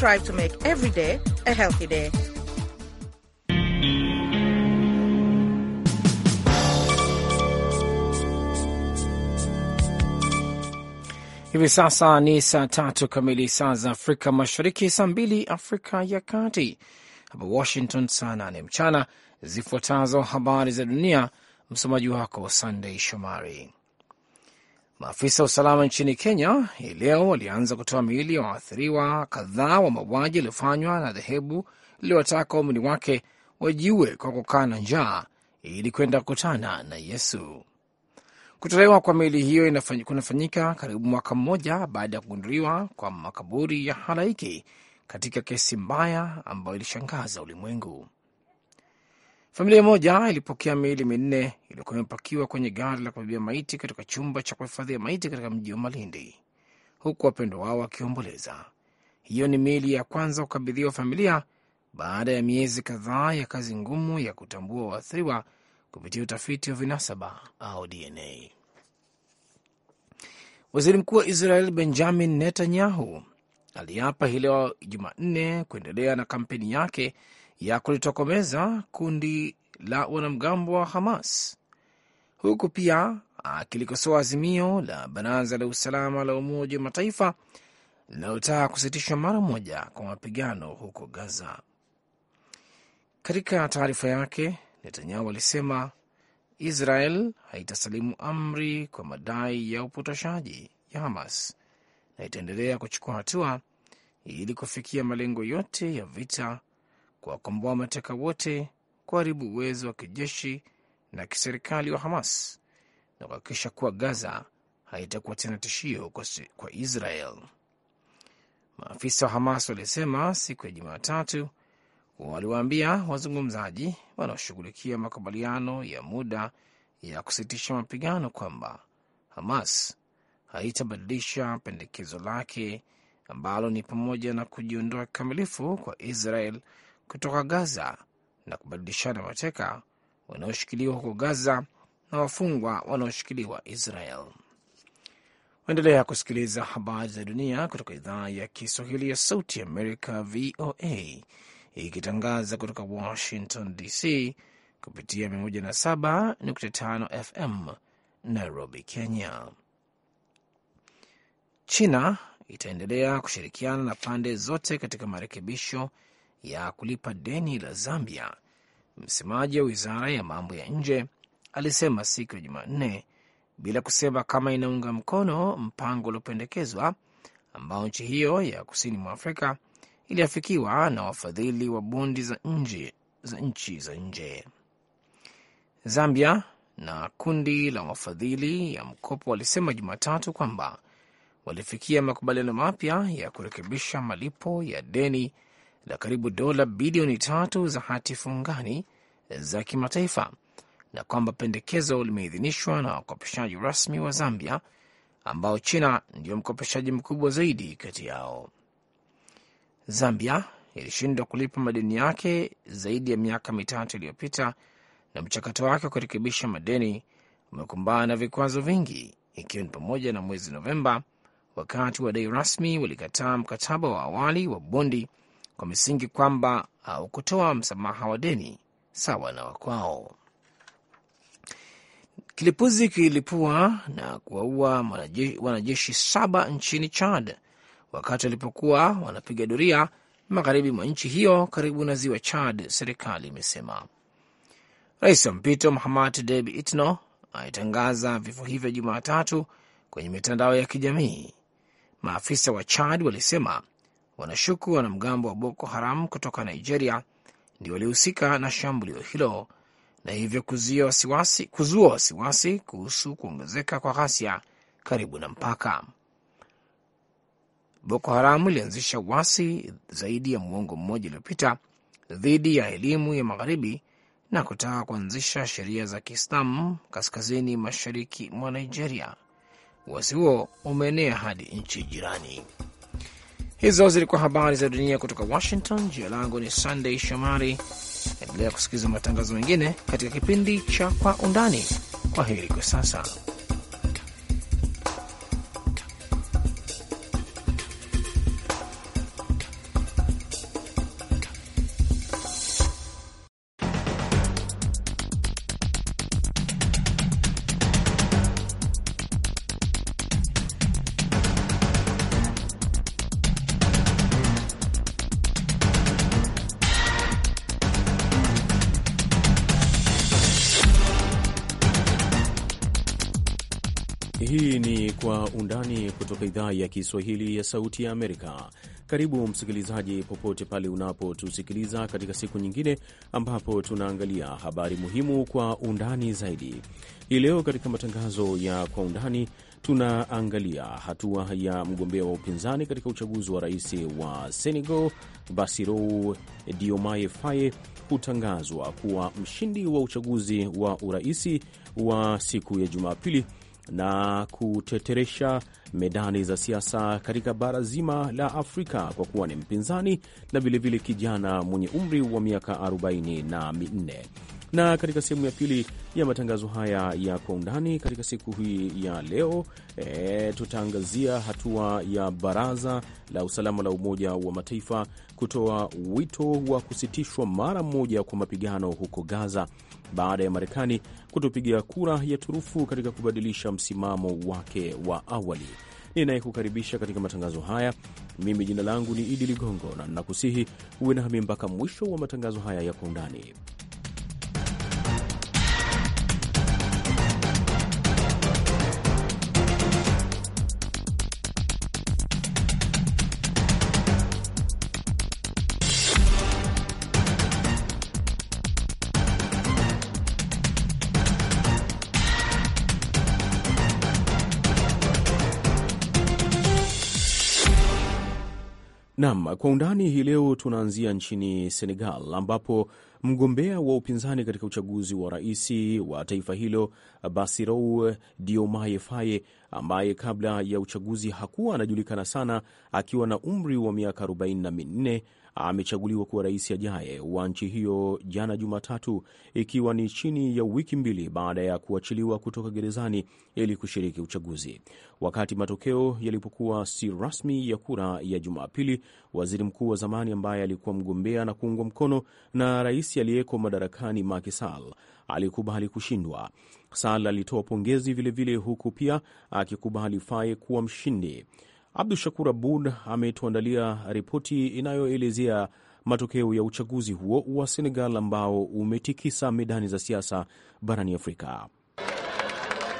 Strive to make every day a healthy day. Hivi sasa ni saa tatu kamili saa za Afrika Mashariki, saa mbili Afrika ya Kati, hapa Washington saa nane mchana. Zifuatazo habari za dunia, msomaji wako Sandei Shomari. Maafisa wa usalama nchini Kenya hii leo walianza kutoa miili ya waathiriwa kadhaa wa mauaji yaliyofanywa na dhehebu liliwataka waumini wake wajiue kwa kukaa na njaa ili kwenda kukutana na Yesu. Kutolewa kwa miili hiyo kunafanyika karibu mwaka mmoja baada ya kugunduliwa kwa makaburi ya halaiki katika kesi mbaya ambayo ilishangaza ulimwengu. Familia moja ilipokea miili minne iliyokuwa imepakiwa kwenye gari la kubebea maiti katika chumba cha kuhifadhia maiti katika mji wa Malindi, huku wapendwa wao wakiomboleza. Hiyo ni miili ya kwanza kukabidhiwa familia baada ya miezi kadhaa ya kazi ngumu ya kutambua waathiriwa kupitia utafiti wa vinasaba au DNA. Waziri Mkuu wa Israel Benjamin Netanyahu aliapa hii leo Jumanne kuendelea na kampeni yake ya kulitokomeza kundi la wanamgambo wa Hamas, huku pia akilikosoa azimio la Baraza la Usalama la Umoja wa Mataifa linalotaka kusitishwa mara moja kwa mapigano huko Gaza. Katika taarifa yake, Netanyahu alisema Israel haitasalimu amri kwa madai ya upotoshaji ya Hamas na itaendelea kuchukua hatua ili kufikia malengo yote ya vita kuwakomboa mateka wote, kuharibu uwezo wa kijeshi na kiserikali wa Hamas na kuhakikisha kuwa Gaza haitakuwa tena tishio kwa, kwa Israel. Maafisa wa Hamas walisema siku ya Jumatatu waliwaambia wazungumzaji wanaoshughulikia makubaliano ya muda ya kusitisha mapigano kwamba Hamas haitabadilisha pendekezo lake ambalo ni pamoja na kujiondoa kikamilifu kwa Israel kutoka Gaza na kubadilishana mateka wanaoshikiliwa huko Gaza na wafungwa wanaoshikiliwa Israel. Endelea kusikiliza habari za dunia kutoka idhaa ya Kiswahili ya Sauti Amerika, VOA, ikitangaza kutoka Washington DC kupitia 107.5 FM Nairobi, Kenya. China itaendelea kushirikiana na pande zote katika marekebisho ya kulipa deni la Zambia. Msemaji wa wizara ya mambo ya nje alisema siku ya Jumanne bila kusema kama inaunga mkono mpango uliopendekezwa ambao nchi hiyo ya kusini mwa Afrika iliafikiwa na wafadhili wa bondi za nje za nchi za nje. Zambia na kundi la wafadhili ya mkopo walisema Jumatatu kwamba walifikia makubaliano mapya ya kurekebisha malipo ya deni la karibu dola bilioni tatu za hati fungani za kimataifa na kwamba pendekezo limeidhinishwa na wakopeshaji rasmi wa Zambia ambao China ndiyo mkopeshaji mkubwa zaidi kati yao. Zambia ilishindwa kulipa madeni yake zaidi ya miaka mitatu iliyopita, na mchakato wake wa kurekebisha madeni umekumbana na vikwazo vingi, ikiwa ni pamoja na mwezi Novemba, wakati wadai rasmi walikataa mkataba wa awali wa bondi kwa misingi kwamba haukutoa msamaha wa deni sawa na wakwao. Kilipuzi kilipua na kuwaua wanajeshi saba nchini Chad wakati walipokuwa wanapiga doria magharibi mwa nchi hiyo karibu na ziwa Chad, serikali imesema. Rais wa mpito Mahamat Deb Itno alitangaza vifo hivyo Jumatatu kwenye mitandao ya kijamii. Maafisa wa Chad walisema wanashuku wanamgambo wa Boko Haram kutoka Nigeria ndio walihusika na shambulio hilo na hivyo kuzua wasiwasi, kuzua wasiwasi kuhusu kuongezeka kwa ghasia karibu na mpaka. Boko Haram ilianzisha uasi zaidi ya muongo mmoja uliopita dhidi ya elimu ya magharibi na kutaka kuanzisha sheria za Kiislamu kaskazini mashariki mwa Nigeria. Uasi huo umeenea hadi nchi jirani. Hizo zilikuwa habari za dunia kutoka Washington. Jina langu ni Sunday Shomari. Endelea kusikiliza matangazo mengine katika kipindi cha Kwa Undani. Kwa heri kwa sasa. kutoka idhaa ya Kiswahili ya Sauti ya Amerika. Karibu msikilizaji, popote pale unapotusikiliza katika siku nyingine ambapo tunaangalia habari muhimu kwa undani zaidi. Hii leo katika matangazo ya Kwa Undani tunaangalia hatua ya mgombea wa upinzani katika uchaguzi wa rais wa Senegal, Bassirou Diomaye Faye kutangazwa kuwa mshindi wa uchaguzi wa uraisi wa siku ya Jumapili na kuteteresha medani za siasa katika bara zima la Afrika kwa kuwa ni mpinzani na vilevile kijana mwenye umri wa miaka 44 na na katika sehemu ya pili ya matangazo haya ya kwa undani katika siku hii ya leo e, tutaangazia hatua ya Baraza la Usalama la Umoja wa Mataifa kutoa wito wa kusitishwa mara moja kwa mapigano huko Gaza baada ya Marekani kutopiga kura ya turufu katika kubadilisha msimamo wake wa awali. Ninayekukaribisha katika matangazo haya mimi, jina langu ni Idi Ligongo, na ninakusihi uwe nami mpaka mwisho wa matangazo haya ya Kwa Undani. Naam, kwa undani hii leo tunaanzia nchini Senegal ambapo mgombea wa upinzani katika uchaguzi wa rais wa taifa hilo Bassirou Diomaye Faye, ambaye kabla ya uchaguzi hakuwa anajulikana sana, akiwa na umri wa miaka 44 amechaguliwa kuwa rais ajaye wa nchi hiyo jana Jumatatu, ikiwa ni chini ya wiki mbili baada ya kuachiliwa kutoka gerezani ili kushiriki uchaguzi. Wakati matokeo yalipokuwa si rasmi ya kura ya Jumapili, waziri mkuu wa zamani ambaye alikuwa mgombea na kuungwa mkono na rais aliyeko madarakani Macky Sall alikubali kushindwa. Sall alitoa pongezi vilevile, huku pia akikubali Faye kuwa mshindi. Abdu Shakur Abud ametuandalia ripoti inayoelezea matokeo ya uchaguzi huo wa Senegal ambao umetikisa medani za siasa barani Afrika.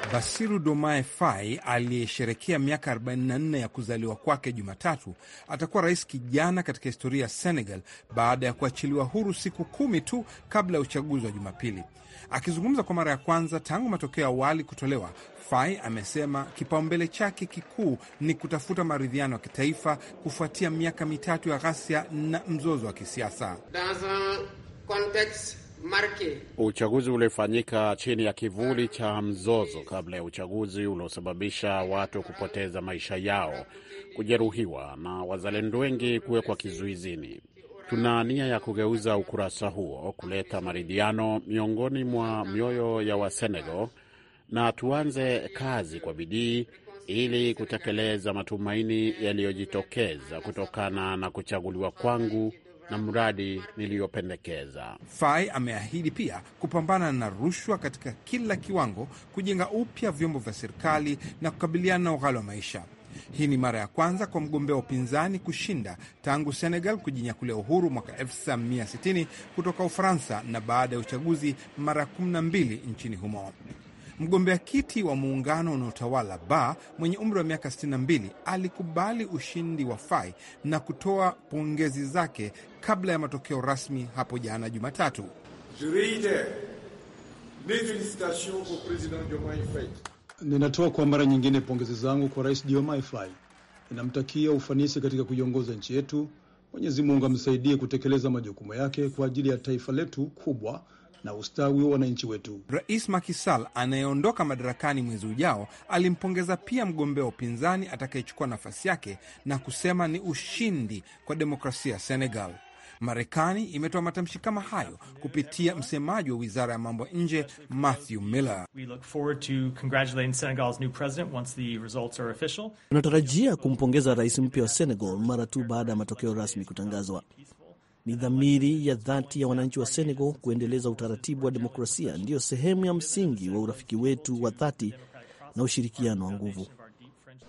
Basiru Domae Fai aliyesherekea miaka 44 ya kuzaliwa kwake Jumatatu atakuwa rais kijana katika historia ya Senegal baada ya kuachiliwa huru siku kumi tu kabla ya uchaguzi wa Jumapili. Akizungumza kwa mara ya kwanza tangu matokeo ya awali kutolewa, Fai amesema kipaumbele chake kikuu ni kutafuta maridhiano ya kitaifa kufuatia miaka mitatu ya ghasia na mzozo wa kisiasa Uchaguzi ulifanyika chini ya kivuli cha mzozo kabla ya uchaguzi uliosababisha watu kupoteza maisha yao, kujeruhiwa na wazalendo wengi kuwekwa kizuizini. Tuna nia ya kugeuza ukurasa huo, kuleta maridhiano miongoni mwa mioyo ya Wasenegal na tuanze kazi kwa bidii ili kutekeleza matumaini yaliyojitokeza kutokana na kuchaguliwa kwangu na mradi niliyopendekeza. Fai ameahidi pia kupambana na rushwa katika kila kiwango, kujenga upya vyombo vya serikali na kukabiliana na ughali wa maisha. Hii ni mara ya kwanza kwa mgombea wa upinzani kushinda tangu Senegal kujinyakulia uhuru mwaka 1960 kutoka Ufaransa na baada ya uchaguzi mara 12 nchini humo. Mgombea kiti wa muungano unaotawala Ba mwenye umri wa miaka 62 alikubali ushindi wa Fai na kutoa pongezi zake kabla ya matokeo rasmi hapo jana Jumatatu. Ninatoa kwa mara nyingine pongezi zangu kwa Rais Diomaye Faye. Ninamtakia ufanisi katika kuiongoza nchi yetu. Mwenyezi Mungu amsaidie kutekeleza majukumu yake kwa ajili ya taifa letu kubwa na ustawi wa wananchi wetu. Rais Macky Sall anayeondoka madarakani mwezi ujao alimpongeza pia mgombea wa upinzani atakayechukua nafasi yake na kusema ni ushindi kwa demokrasia Senegal. Marekani imetoa matamshi kama hayo kupitia msemaji wa wizara ya mambo ya nje Matthew Miller. Tunatarajia kumpongeza rais mpya wa Senegal mara tu baada ya matokeo rasmi kutangazwa. Ni dhamiri ya dhati ya wananchi wa Senegal kuendeleza utaratibu wa demokrasia, ndiyo sehemu ya msingi wa urafiki wetu wa dhati na ushirikiano wa nguvu.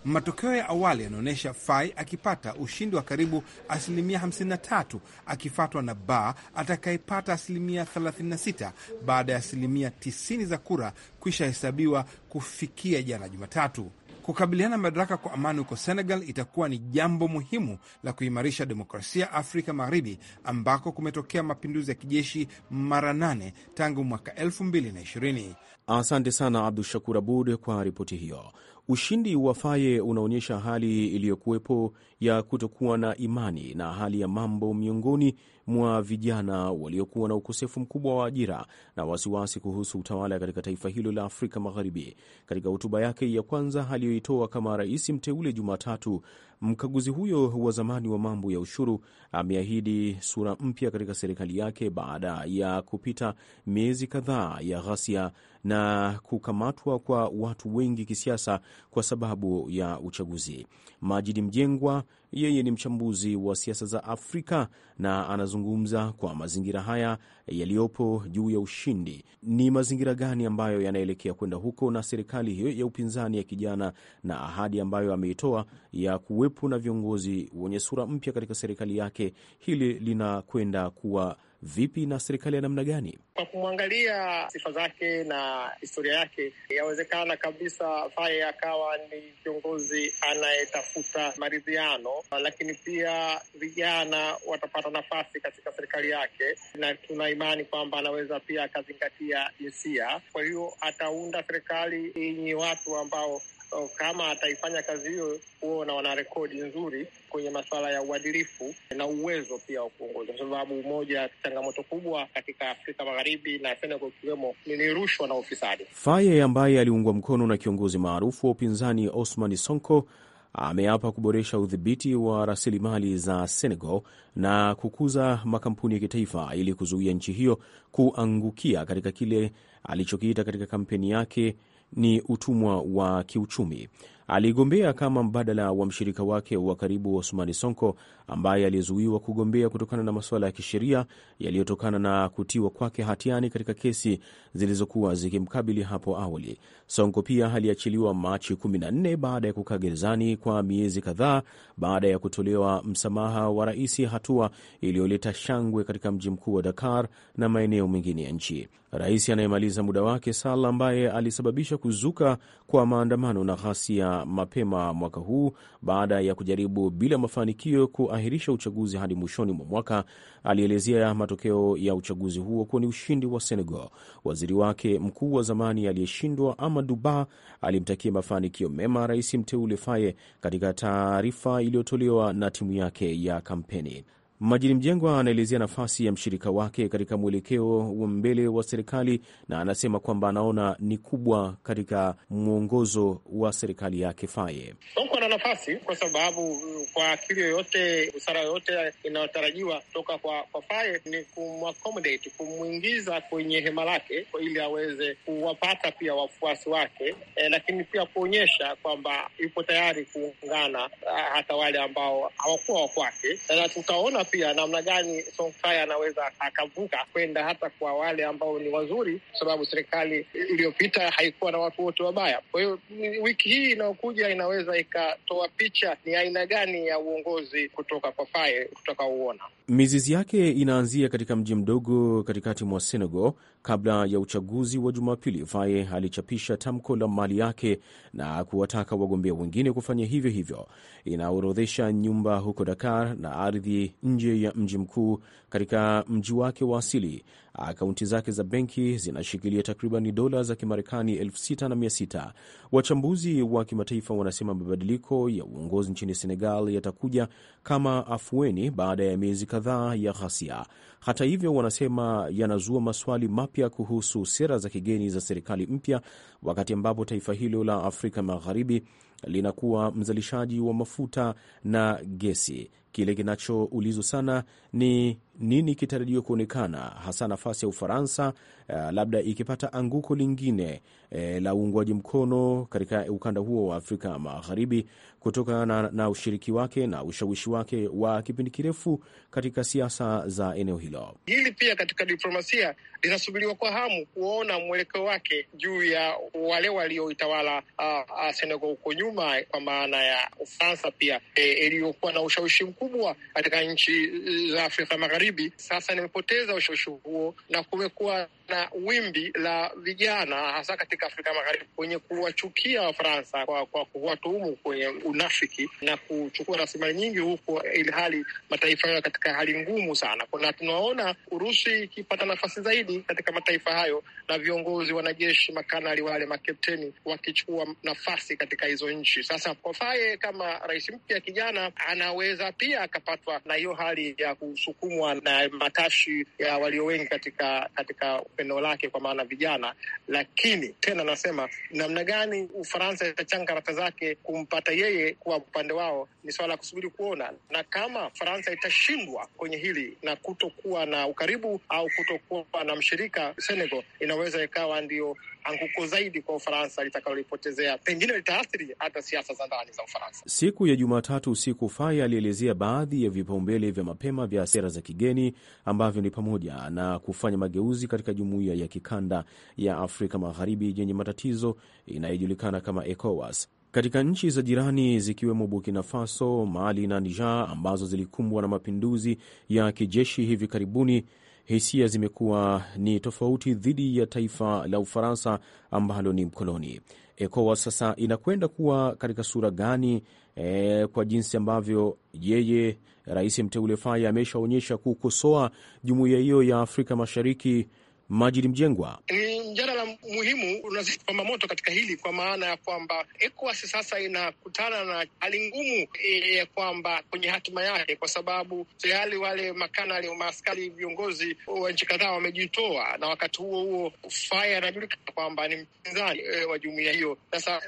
Matokeo ya awali yanaonyesha Fai akipata ushindi wa karibu asilimia 53, akifuatwa na Ba atakayepata asilimia 36 baada ya asilimia 90 za kura kuishahesabiwa kufikia jana Jumatatu. Kukabiliana madaraka kwa amani huko Senegal itakuwa ni jambo muhimu la kuimarisha demokrasia Afrika Magharibi, ambako kumetokea mapinduzi ya kijeshi mara nane tangu mwaka 2020. Asante sana Abdu Shakur Abud kwa ripoti hiyo. Ushindi wa Faye unaonyesha hali iliyokuwepo ya kutokuwa na imani na hali ya mambo miongoni mwa vijana waliokuwa na ukosefu mkubwa wa ajira na wasiwasi kuhusu utawala katika taifa hilo la Afrika Magharibi. Katika hotuba yake ya kwanza aliyoitoa kama rais mteule Jumatatu, mkaguzi huyo wa zamani wa mambo ya ushuru ameahidi sura mpya katika serikali yake baada ya kupita miezi kadhaa ya ghasia na kukamatwa kwa watu wengi kisiasa kwa sababu ya uchaguzi. Majidi Mjengwa yeye ni mchambuzi wa siasa za Afrika na anazungumza kwa mazingira haya yaliyopo juu ya ushindi. Ni mazingira gani ambayo yanaelekea kwenda huko, na serikali hiyo ya upinzani ya kijana na ahadi ambayo ameitoa ya kuwepo na viongozi wenye sura mpya katika serikali yake, hili linakwenda kuwa vipi na serikali ya namna gani? Kwa kumwangalia sifa zake na historia yake, yawezekana kabisa Faye akawa ni kiongozi anayetafuta maridhiano, lakini pia vijana watapata nafasi katika serikali yake, na tuna imani kwamba anaweza pia akazingatia jinsia. Kwa hiyo ataunda serikali yenye watu ambao So, kama ataifanya kazi hiyo, huona wana rekodi nzuri kwenye masuala ya uadilifu na uwezo pia wa kuongoza, kwa sababu moja ya changamoto kubwa katika Afrika Magharibi na Senegal ikiwemo ni rushwa na ufisadi. Faye ambaye aliungwa mkono na kiongozi maarufu wa upinzani Osman Sonko ameapa kuboresha udhibiti wa rasilimali za Senegal na kukuza makampuni ya kitaifa ili kuzuia nchi hiyo kuangukia katika kile alichokiita katika kampeni yake ni utumwa wa kiuchumi aligombea kama mbadala wa mshirika wake wa karibu usumani Sonko ambaye alizuiwa kugombea kutokana na masuala ya kisheria yaliyotokana na kutiwa kwake hatiani katika kesi zilizokuwa zikimkabili hapo awali. Sonko pia aliachiliwa Machi 14 baada ya kukaa gerezani kwa miezi kadhaa baada ya kutolewa msamaha wa rais, hatua iliyoleta shangwe katika mji mkuu wa Dakar na maeneo mengine ya nchi. Rais anayemaliza muda wake Sall ambaye alisababisha kuzuka kwa maandamano na ghasia mapema mwaka huu baada ya kujaribu bila mafanikio kuahirisha uchaguzi hadi mwishoni mwa mwaka. Alielezea matokeo ya uchaguzi huo kuwa ni ushindi wa Senegal. Waziri wake mkuu wa zamani aliyeshindwa Amadou Ba alimtakia mafanikio mema rais mteule Faye katika taarifa iliyotolewa na timu yake ya kampeni. Majini Mjengwa anaelezea nafasi ya mshirika wake katika mwelekeo wa mbele wa serikali na anasema kwamba anaona ni kubwa katika mwongozo wa serikali yake Faye. Sonko ana nafasi kwa sababu kwa akili yoyote, busara yoyote inayotarajiwa kutoka kwa, kwa Faye ni kumakomodate, kumwingiza kwenye hema lake ili aweze kuwapata pia wafuasi wake e, lakini pia kuonyesha kwamba yupo tayari kuungana eh, hata wale ambao hawakuwa wakwake na tutaona pia namna gani Sonkaya anaweza akavuka kwenda hata kwa wale ambao ni wazuri, kwa sababu serikali iliyopita haikuwa na watu wote wabaya. Kwa hiyo wiki hii inayokuja inaweza ikatoa picha ni aina gani ya uongozi kutoka kwa Faye tutakaouona. Mizizi yake inaanzia katika mji mdogo katikati mwa Senegal Kabla ya uchaguzi wa Jumapili, Faye alichapisha tamko la mali yake na kuwataka wagombea wengine kufanya hivyo hivyo. Inaorodhesha nyumba huko Dakar na ardhi nje ya mji mkuu katika mji wake wa asili akaunti zake za benki zinashikilia takriban dola za Kimarekani elfu na Wachambuzi wa kimataifa wanasema mabadiliko ya uongozi nchini Senegal yatakuja kama afueni baada ya miezi kadhaa ya ghasia. Hata hivyo, wanasema yanazua maswali mapya kuhusu sera za kigeni za serikali mpya, wakati ambapo taifa hilo la Afrika Magharibi linakuwa mzalishaji wa mafuta na gesi. Kile kinachoulizwa sana ni nini kitarajiwa kuonekana, hasa nafasi ya Ufaransa uh, labda ikipata anguko lingine eh, la uungwaji mkono katika ukanda huo wa Afrika Magharibi kutokana na, na ushiriki wake na ushawishi wake wa kipindi kirefu katika siasa za eneo hilo. Hili pia katika diplomasia linasubiriwa kwa hamu kuona mwelekeo wake juu ya wale walioitawala uh, uh, Senegal huko nyuma, kwa maana ya Ufaransa pia eh, iliyokuwa eh, na ushawishi mkubwa mkubwa katika nchi za Afrika Magharibi. Sasa nimepoteza ushawishi huo na kumekuwa na wimbi la vijana hasa katika Afrika Magharibi wenye kuwachukia Wafaransa kwa, kwa kuwatuhumu kwenye unafiki na kuchukua rasilimali nyingi huko, ili hali mataifa hayo katika hali ngumu sana, na tunaona Urusi ikipata nafasi zaidi katika mataifa hayo na viongozi wanajeshi, makanali wale makepteni wakichukua nafasi katika hizo nchi. Sasa Faye kama rais mpya kijana anaweza pia akapatwa na hiyo hali ya kusukumwa na matashi ya walio wengi katika katika pendo lake, kwa maana vijana. Lakini tena nasema namna gani Ufaransa itachanga karata zake kumpata yeye kuwa upande wao ni swala la kusubiri kuona, na kama Faransa itashindwa kwenye hili na kutokuwa na ukaribu au kutokuwa na mshirika Senegal, inaweza ikawa ndio anguko zaidi kwa Ufaransa litakalolipotezea pengine litaathiri hata siasa za ndani za Ufaransa. Siku ya Jumatatu usiku, Faye alielezea baadhi ya vipaumbele vya mapema vya sera za kigeni ambavyo ni pamoja na kufanya mageuzi katika jumuiya ya kikanda ya Afrika Magharibi yenye matatizo inayojulikana kama ECOWAS katika nchi za jirani zikiwemo Burkina Faso, Mali na Niger ambazo zilikumbwa na mapinduzi ya kijeshi hivi karibuni hisia zimekuwa ni tofauti dhidi ya taifa la Ufaransa ambalo ni mkoloni. ECOWAS sasa inakwenda kuwa katika sura gani? E, kwa jinsi ambavyo yeye rais mteule Faye ameshaonyesha kukosoa jumuiya hiyo ya Afrika Mashariki Majid Mjengwa. Ni mjadala muhimu unazidi kwamba moto katika hili, kwa maana ya kwamba ECOWAS sasa inakutana na hali ngumu e, ya kwamba kwenye hatima yake, kwa sababu tayari wale makanali, maaskari, viongozi wa nchi kadhaa wamejitoa, na wakati huo huo Faya anajulikana kwamba ni mpinzani e, wa jumuia hiyo. Sasa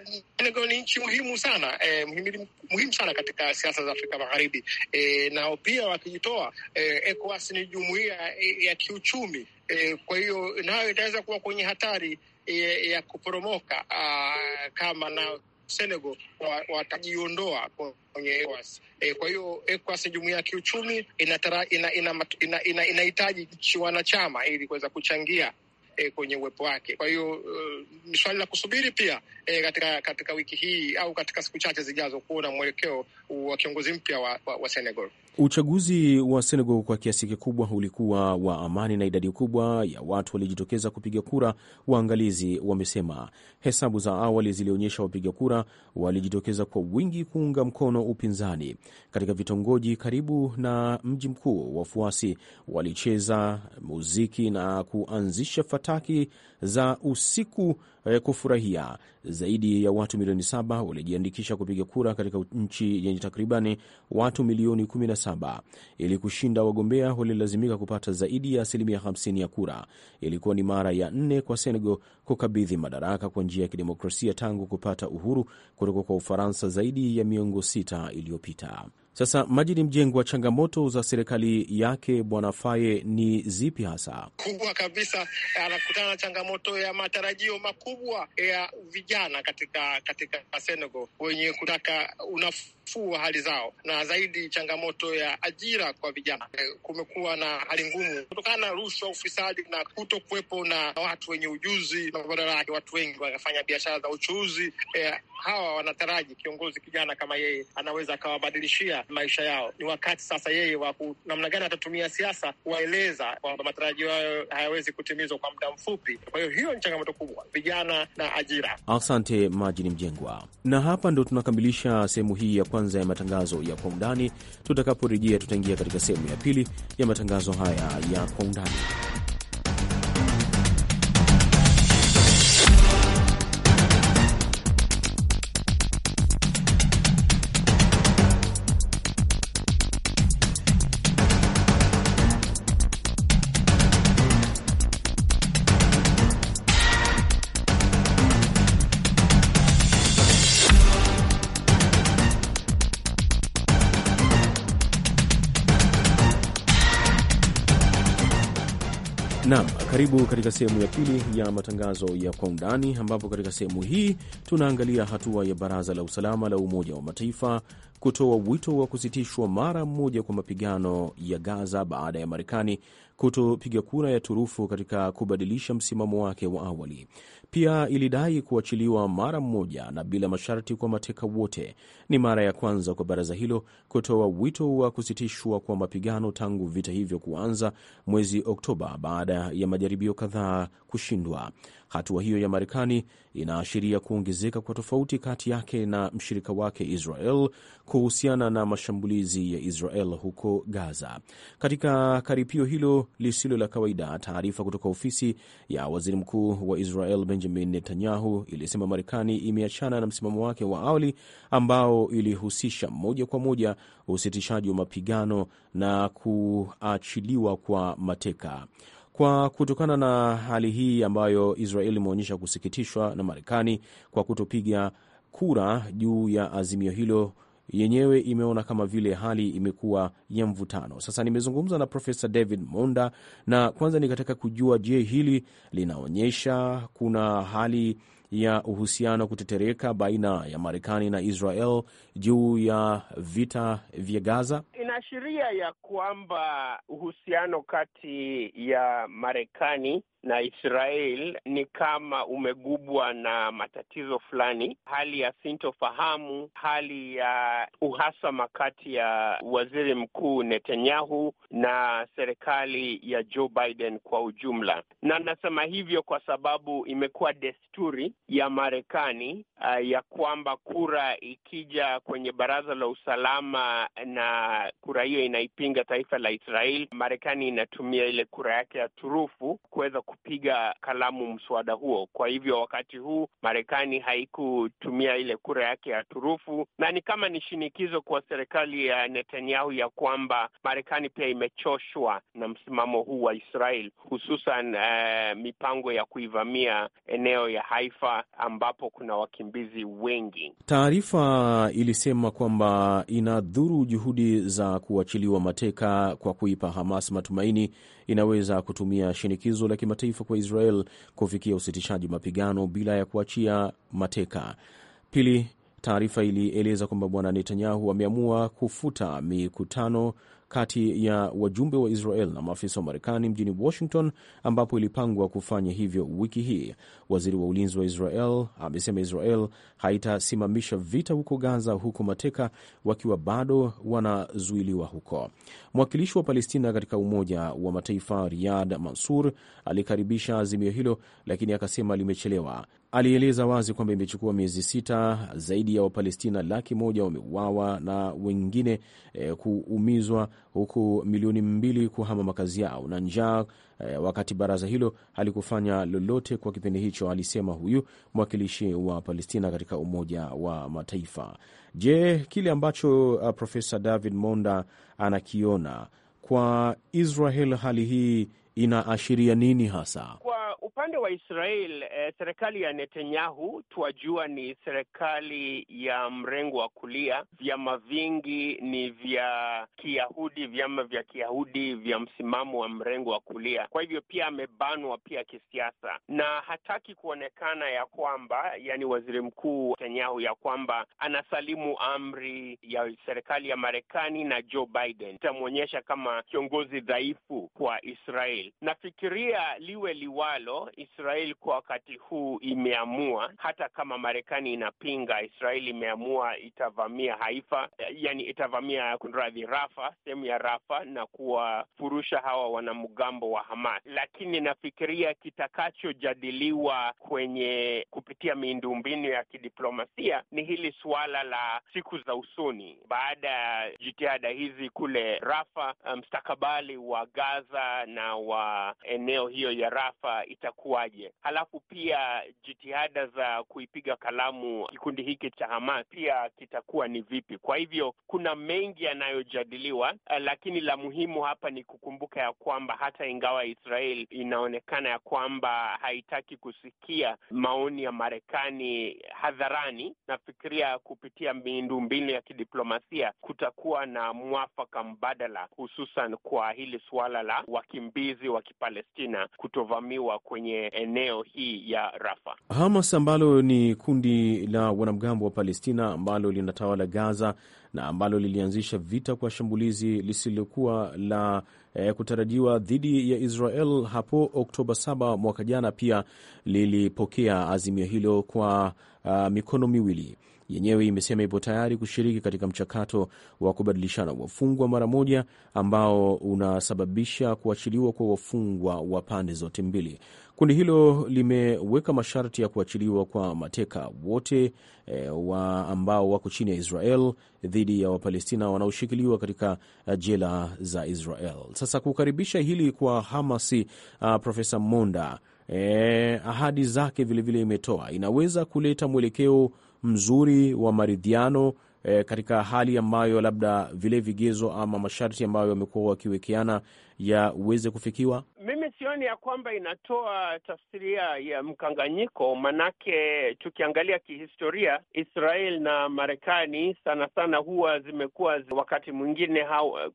ni nchi muhimu sana e, muhimu, muhimu sana katika siasa za Afrika Magharibi e, nao pia wakijitoa e, ECOWAS ni jumuia e, ya kiuchumi E, kwa hiyo nayo itaweza kuwa kwenye hatari e, ya kuporomoka a, ah, kama na Senegal watajiondoa kwenye ECOWAS. E, kwa hiyo ECOWAS ni jumuiya ya kiuchumi inahitaji ina, ina, ina, ina, ina nchi wanachama ili kuweza kuchangia E, kwenye uwepo wake. Kwa hiyo uh, ni swali la kusubiri pia e, katika katika wiki hii au katika siku chache zijazo kuona mwelekeo wa kiongozi mpya wa, wa, wa Senegal. Uchaguzi wa Senegal kwa kiasi kikubwa ulikuwa wa amani na idadi kubwa ya watu walijitokeza kupiga kura, waangalizi wamesema. Hesabu za awali zilionyesha wapiga kura walijitokeza kwa wingi kuunga mkono upinzani. Katika vitongoji karibu na mji mkuu, wafuasi walicheza muziki na kuanzisha fataki za usiku Eh, kufurahia. Zaidi ya watu milioni saba walijiandikisha kupiga kura katika nchi yenye takribani watu milioni 17. Ili kushinda, wagombea walilazimika kupata zaidi ya asilimia 50 ya kura. Ilikuwa ni mara ya nne kwa Senegal kukabidhi madaraka kwa njia ya kidemokrasia tangu kupata uhuru kutoka kwa Ufaransa zaidi ya miongo sita iliyopita. Sasa Majidi Mjengwa, changamoto za serikali yake Bwana Faye ni zipi hasa? Kubwa kabisa, anakutana na changamoto ya matarajio makubwa ya vijana katika katika Senegal wenye kutaka unafuu unafuu hali zao, na zaidi changamoto ya ajira kwa vijana. Eh, kumekuwa na hali ngumu kutokana na rushwa, ufisadi na kuto kuwepo na watu wenye ujuzi, na badala yake watu wengi wanafanya biashara za uchuuzi. Eh, hawa wanataraji kiongozi kijana kama yeye anaweza akawabadilishia maisha yao. Ni wakati sasa yeye wa namna gani atatumia siasa kuwaeleza kwamba matarajio hayo hayawezi kutimizwa kwa muda mfupi. Kwa hiyo hiyo ni changamoto kubwa, vijana na ajira. Asante maji ni Mjengwa, na hapa ndo tunakamilisha sehemu hii ya kwanza ya matangazo ya kwa undani. Tutakaporejea, tutaingia katika sehemu ya pili ya matangazo haya ya kwa undani. Naam, karibu katika sehemu ya pili ya matangazo ya kwa undani, ambapo katika sehemu hii tunaangalia hatua ya Baraza la Usalama la Umoja wa Mataifa kutoa wito wa kusitishwa mara moja kwa mapigano ya Gaza baada ya Marekani kutopiga kura ya turufu katika kubadilisha msimamo wake wa awali. Pia ilidai kuachiliwa mara mmoja na bila masharti kwa mateka wote. Ni mara ya kwanza kwa baraza hilo kutoa wito wa kusitishwa kwa mapigano tangu vita hivyo kuanza mwezi Oktoba baada ya majaribio kadhaa kushindwa. Hatua hiyo ya Marekani inaashiria kuongezeka kwa tofauti kati yake na mshirika wake Israel kuhusiana na mashambulizi ya Israel huko Gaza. Katika karipio hilo lisilo la kawaida, taarifa kutoka ofisi ya waziri mkuu wa Israel Benjamin Netanyahu ilisema Marekani imeachana na msimamo wake wa awali ambao ilihusisha moja kwa moja usitishaji wa mapigano na kuachiliwa kwa mateka. Kwa kutokana na hali hii ambayo Israeli imeonyesha kusikitishwa na Marekani kwa kutopiga kura juu ya azimio hilo, yenyewe imeona kama vile hali imekuwa ya mvutano. Sasa nimezungumza na Profesa David Monda na kwanza nikataka kujua, je, hili linaonyesha kuna hali ya uhusiano kutetereka baina ya Marekani na Israel juu ya vita vya Gaza? Inaashiria ya kwamba uhusiano kati ya Marekani na Israel ni kama umegubwa na matatizo fulani, hali ya sintofahamu, hali ya uhasama kati ya waziri mkuu Netanyahu na serikali ya Joe Biden kwa ujumla. Na nasema hivyo kwa sababu imekuwa desturi ya Marekani uh, ya kwamba kura ikija kwenye baraza la usalama na kura hiyo inaipinga taifa la Israel, Marekani inatumia ile kura yake ya turufu kuweza kupiga kalamu mswada huo. Kwa hivyo wakati huu Marekani haikutumia ile kura yake ya turufu, na ni kama ni shinikizo kwa serikali ya Netanyahu ya kwamba Marekani pia imechoshwa na msimamo huu wa Israel, hususan uh, mipango ya kuivamia eneo ya Haifa ambapo kuna wakimbizi wengi. Taarifa ilisema kwamba inadhuru juhudi za kuachiliwa mateka kwa kuipa Hamas matumaini inaweza kutumia shinikizo la kimataifa kwa Israel kufikia usitishaji mapigano bila ya kuachia mateka. Pili, taarifa ilieleza kwamba Bwana Netanyahu ameamua kufuta mikutano kati ya wajumbe wa Israel na maafisa wa Marekani mjini Washington, ambapo ilipangwa kufanya hivyo wiki hii. Waziri wa ulinzi wa Israel amesema Israel haitasimamisha vita huko Gaza, huku mateka wakiwa bado wanazuiliwa huko. Mwakilishi wa Palestina katika Umoja wa Mataifa Riyad Mansur alikaribisha azimio hilo, lakini akasema limechelewa alieleza wazi kwamba imechukua miezi sita, zaidi ya Wapalestina laki moja wameuawa na wengine e, kuumizwa, huku milioni mbili kuhama makazi yao na njaa e, wakati baraza hilo halikufanya lolote kwa kipindi hicho, alisema huyu mwakilishi wa Palestina katika Umoja wa Mataifa. Je, kile ambacho uh, Profesa David Monda anakiona kwa Israel hali hii inaashiria nini hasa kwa upande wa Israel? Eh, serikali ya Netanyahu tuwajua ni serikali ya mrengo wa kulia. Vyama vingi ni vya Kiyahudi, vyama vya Kiyahudi vya msimamo wa mrengo wa kulia. Kwa hivyo pia amebanwa pia kisiasa, na hataki kuonekana ya kwamba, yani waziri mkuu Netanyahu, ya kwamba anasalimu amri ya serikali ya Marekani na Joe Biden, itamwonyesha kama kiongozi dhaifu kwa Israel. Israel. Nafikiria liwe liwalo, israel kwa wakati huu imeamua, hata kama Marekani inapinga, Israel imeamua itavamia Haifa, yani itavamia kunradhi, Rafa, sehemu ya Rafa na kuwafurusha hawa wanamgambo wa Hamas. Lakini nafikiria kitakachojadiliwa kwenye kupitia miundombinu ya kidiplomasia ni hili suala la siku za usoni baada ya jitihada hizi kule Rafa, mstakabali um, wa Gaza na wa wa eneo hiyo ya Rafa itakuwaje. Halafu pia jitihada za kuipiga kalamu kikundi hiki cha Hamas pia kitakuwa ni vipi? Kwa hivyo kuna mengi yanayojadiliwa, eh, lakini la muhimu hapa ni kukumbuka ya kwamba hata ingawa Israel inaonekana ya kwamba haitaki kusikia maoni ya Marekani hadharani, nafikiria kupitia miundu mbinu ya kidiplomasia kutakuwa na mwafaka mbadala, hususan kwa hili suala la wakimbizi viongozi wa Kipalestina kutovamiwa kwenye eneo hii ya Rafa. Hamas ambalo ni kundi la wanamgambo wa Palestina ambalo linatawala Gaza na ambalo lilianzisha vita kwa shambulizi lisilokuwa la eh, kutarajiwa dhidi ya Israel hapo Oktoba 7 mwaka jana, pia lilipokea azimio hilo kwa uh, mikono miwili yenyewe imesema ipo tayari kushiriki katika mchakato wa kubadilishana wafungwa mara moja ambao unasababisha kuachiliwa kwa wafungwa wa pande zote mbili. Kundi hilo limeweka masharti ya kuachiliwa kwa mateka wote e, wa ambao wako chini ya Israel dhidi ya Wapalestina wanaoshikiliwa katika eh, jela za Israel. Sasa kukaribisha hili kwa Hamasi, uh, eh, Profesa Monda, e, ahadi zake vilevile imetoa inaweza kuleta mwelekeo mzuri wa maridhiano e, katika hali ambayo labda vile vigezo ama masharti ambayo wamekuwa wakiwekeana yaweze kufikiwa? Mimi sioni ya kwamba inatoa tafsiria ya mkanganyiko, manake tukiangalia kihistoria, Israel na Marekani sana sana huwa zimekuwa wakati mwingine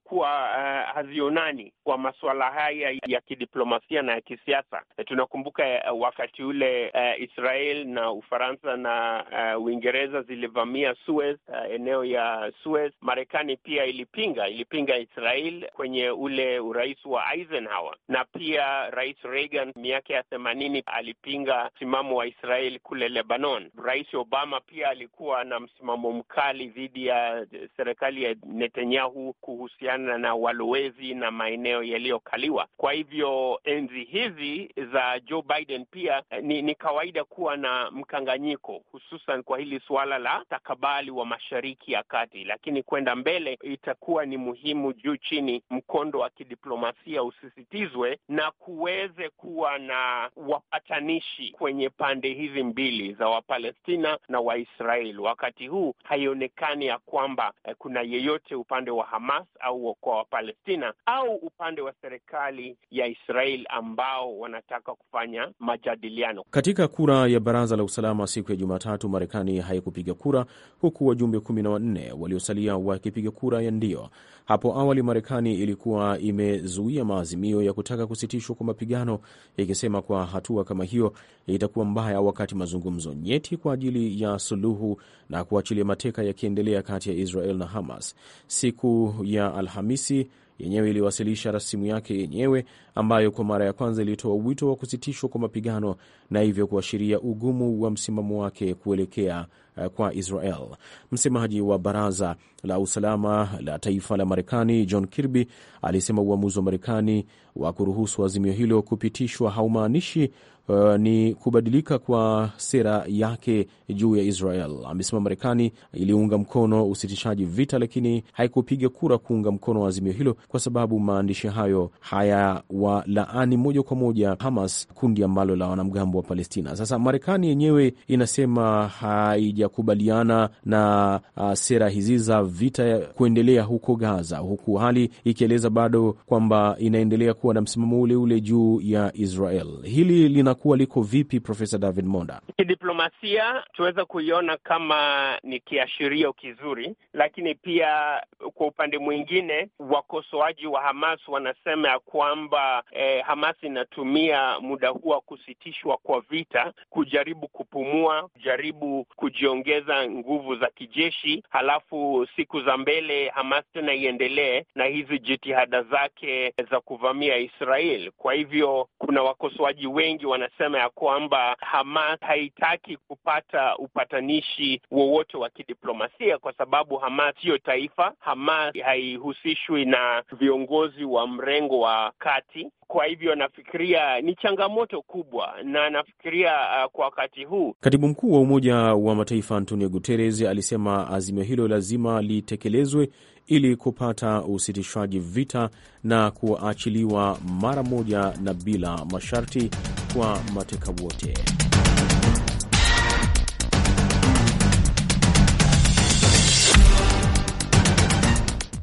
kuwa uh, hazionani kwa masuala haya ya kidiplomasia na ya kisiasa. Eh, tunakumbuka eh, wakati ule uh, Israel na Ufaransa na uh, Uingereza zilivamia Suez, uh, eneo ya Suez. Marekani pia ilipinga ilipinga Israel kwenye ule urais rais wa Eisenhower na pia Rais Reagan miaka ya themanini alipinga msimamo wa israel kule Lebanon. Rais Obama pia alikuwa na msimamo mkali dhidi ya serikali ya Netanyahu kuhusiana na walowezi na maeneo yaliyokaliwa. Kwa hivyo enzi hizi za Joe Biden pia eh, ni, ni kawaida kuwa na mkanganyiko, hususan kwa hili suala la takabali wa Mashariki ya Kati, lakini kwenda mbele itakuwa ni muhimu juu chini mkondo wa kidiplomasia diplomasia usisitizwe na kuweze kuwa na wapatanishi kwenye pande hizi mbili za Wapalestina na Waisraeli. Wakati huu haionekani ya kwamba eh, kuna yeyote upande wa Hamas au kwa wapalestina au upande wa serikali ya Israeli ambao wanataka kufanya majadiliano. Katika kura ya baraza la usalama siku ya Jumatatu, Marekani haikupiga kura, huku wajumbe kumi na wanne waliosalia wakipiga kura ya ndio. Hapo awali Marekani ilikuwa ime ilizuia maazimio ya kutaka kusitishwa kwa mapigano ikisema kwa hatua kama hiyo itakuwa mbaya, wakati mazungumzo nyeti kwa ajili ya suluhu na kuachilia mateka yakiendelea kati ya Israel na Hamas. Siku ya Alhamisi yenyewe iliwasilisha rasimu yake yenyewe ambayo kwa mara ya kwanza ilitoa wito wa kusitishwa kwa mapigano na hivyo kuashiria ugumu wa msimamo wake kuelekea Eh, kwa Israel. Msemaji wa baraza la usalama la taifa la Marekani John Kirby alisema uamuzi wa Marekani wa kuruhusu azimio hilo kupitishwa haumaanishi uh, ni kubadilika kwa sera yake juu ya Israel. Amesema Marekani iliunga mkono usitishaji vita, lakini haikupiga kura kuunga mkono azimio hilo kwa sababu maandishi hayo hayawalaani moja kwa moja Hamas, kundi ambalo la wanamgambo wa Palestina. Sasa Marekani yenyewe inasema haijakubaliana na uh, sera hizi za vita kuendelea huko Gaza, huku hali ikieleza bado kwamba inaendelea kuwa na msimamo ule ule juu ya Israel. Hili lina kuwa liko vipi, Profesa David Monda? Kidiplomasia tuweza kuiona kama ni kiashirio kizuri, lakini pia kwa upande mwingine wakosoaji wa Hamas wanasema ya kwamba eh, Hamas inatumia muda huu wa kusitishwa kwa vita kujaribu kupumua, kujaribu kujiongeza nguvu za kijeshi, halafu siku za mbele Hamas tena iendelee na hizi jitihada zake za kuvamia Israel. Kwa hivyo kuna wakosoaji wengi wana inasema ya kwamba Hamas haitaki kupata upatanishi wowote wa kidiplomasia kwa sababu Hamas siyo taifa. Hamas haihusishwi na viongozi wa mrengo wa kati. Kwa hivyo nafikiria ni changamoto kubwa, na nafikiria uh, kwa wakati huu katibu mkuu wa Umoja wa Mataifa Antonio Guterres alisema azimio hilo lazima litekelezwe ili kupata usitishwaji vita na kuachiliwa mara moja na bila masharti kwa mateka wote.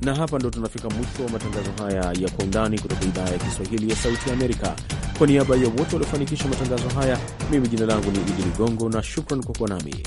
Na hapa ndo tunafika mwisho wa matangazo haya ya kwa undani kutoka idhaa ya Kiswahili ya Sauti ya Amerika. Kwa niaba ya wote waliofanikisha matangazo haya, mimi jina langu ni Idi Ligongo na shukran kwa kuwa nami.